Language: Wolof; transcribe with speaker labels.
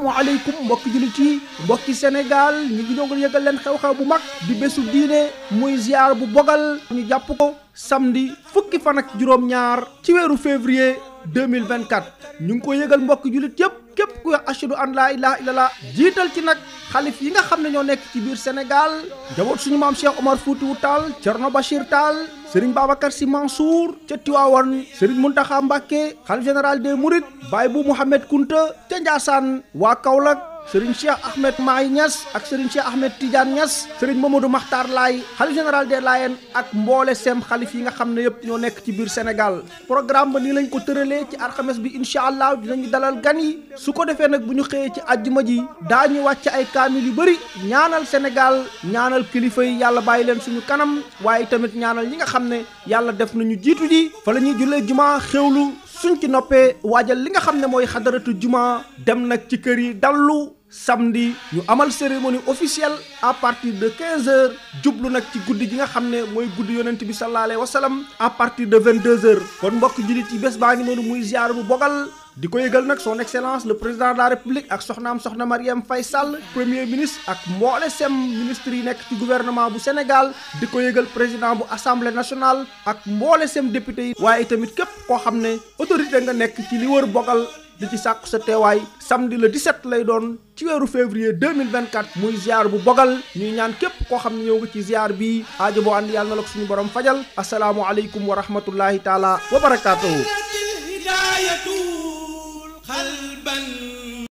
Speaker 1: asalaamaaleykum mbokki jullit ci mbokki Sénégal ñu ngi doon yëgal leen xew-xew bu mag di bésu diine muy ziar bu bogal ñu jàpp ko samedi fukki fan ak juróom-ñaar ci weeru février 2024 ñu ngi ko yëgal mbokki jullit yépp képp ku wax ashadu an laa ilaha illallah jiital ci nag xalif yi nga xam ne ñoo nekk ci biir Sénégal njaboot suñu maam Cheikh Omar Foutiou Tall Thierno Bachir Tall Serigne Babacar Sy Mansour ca Tiwaawan Serigne Mountakha Mbacké xalif général des Mourides baay bu Mouhamed Kunta ca Njaasaan waa Kaolack sëriñ Cheikh Ahmed Maay ñas ak sëriñ Cheikh Ahmed Tidiane ñas sëriñ Mamadou Makhtar Laay xalif général des Layènes ak mboole sem xalif yi nga xam ne yëpp ñoo nekk ci biir Sénégal programme ba nii lañ ko tëralee ci alxames bi incha allah dinañu dalal gan yi su ko defee nag bu ñu xëyee ci àjjuma ji daañu wàcc ay kaamil yu bëri ñaanal Sénégal ñaanal kilifa yi yàlla bàyyi leen suñu kanam waaye tamit ñaanal ñi nga xam ne yàlla def nañu jiitu ji fa ñuy jullee juma xewlu suñ ci noppee waajal li nga xam ne mooy xadaratu juma dem nag ci kër yi dallu samedi ñu amal cérémonie officielle à partir de 15 heures jublu nag ci guddi gi nga xam ne mooy guddi yonent bi sallallahu alayhi wa sallam à partir de 22 heures kon mbokk jullit yi bés baa ngi noonu muy ziar bu bogal di ko yëgal nag son excellence le président de la république ak soxnaam soxna Marième Faye Sall premier ministre ak mboole sem ministre yi nekk ci gouvernement bu Sénégal di ko yëgal président bu assemblée nationale ak mboole sem député yi waaye tamit képp koo xam ne autorité nga nekk ci li wër bogal di ci sàkku sa teewaay samedi le 17 lay doon ci weeru février 2024 muy ziar bu bogal ñuy ñaan képp koo xam ne ñëw nga ci ziar bi aajo boo ànd yàlla na la ko suñu borom fajal asalaamualeykum wa rahmatullahi taala wa barakaatuhu